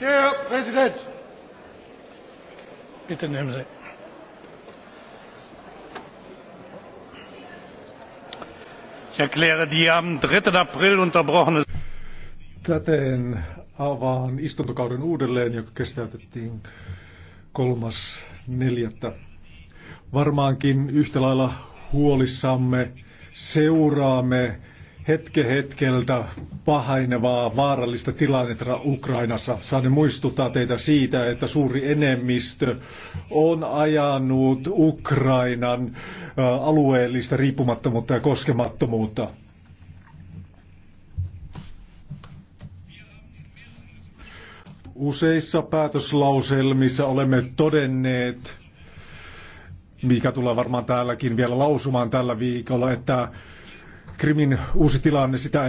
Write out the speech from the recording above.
Herr Präsident! Bitte nehmen Sie. Ich erkläre die am 3. April unterbrochene Täten avaan istuntokauden uudelleen, joka keskeytettiin 3.4. Varmaankin yhtä lailla huolissamme seuraamme hetke hetkeltä pahainevaa vaarallista tilannetta Ukrainassa. Saan muistuttaa teitä siitä, että suuri enemmistö on ajanut Ukrainan alueellista riippumattomuutta ja koskemattomuutta. Useissa päätöslauselmissa olemme todenneet, mikä tulee varmaan täälläkin vielä lausumaan tällä viikolla, että Krimin uusi tilanne, sitä